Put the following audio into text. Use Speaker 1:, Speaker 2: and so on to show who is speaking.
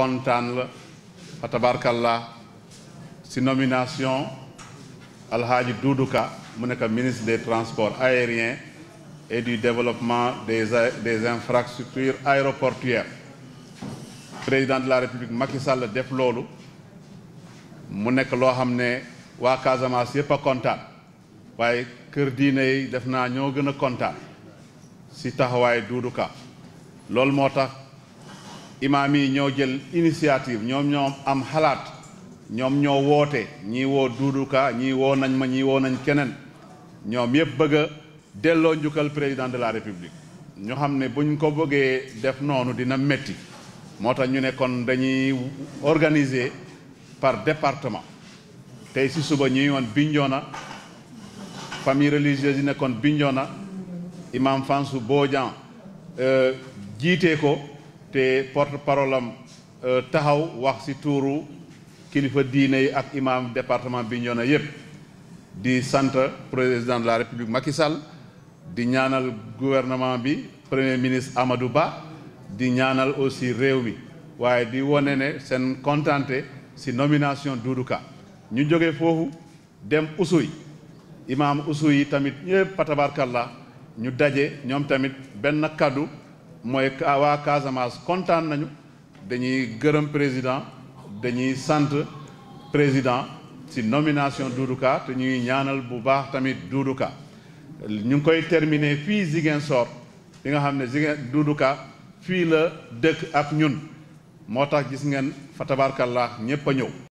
Speaker 1: kontaan la si nomination Alhaji Doudou Ka ministre des transports aériens et du développement des des infrastructures aéroportuaires président de la république Macky Sall def lolu mu lo loo wa ne Casamance yëpp a kontaan waaye kër diine yi def naa a si taxawaay Doudou Ka imaam yi ñoo jël initiative ñoom ñoo am xalaat ñoom ñoo woote ñii woo duuduka ñii woo nañ ma ñii woo nañ keneen ñoom yëpp bëgg a delloo njukkal président de la république ñoo xam ne buñ ko bëggee def noonu dina metti moo tax ñu ne kon dañuy organiser par département tey si suba ñuy woon Bignona famille religieuse yi nekkoon Bignona imam Fansu Bodian euh, jiitee ko te porte parole am euh, taxaw wax si tuuru kilifa diine yi ak imam département bi ñoo na yëpp di sant président de la république Macky Sall di ñaanal gouvernement bi premier ministre Amadou Ba di ñaanal aussi réew mi waaye di wane ne seen kontante si nomination Doudou Ka ñu jóge foofu dem Oussouye imam Oussouye tamit ñëpp patabarkalla ñu daje ñoom tamit benn kaddu mooy waa Casamance kontaan nañu dañuy gërëm président dañuy sant président si nomination Doudou Ka te ñuy ñaanal bu baax tamit Doudou ñu ngi koy terminer fii Ziguinchor fi nga xam ne Ziguinchor Doudou fii la dëkk ak ñun moo tax gis ngeen fa tabarkallah ñépp a ñëw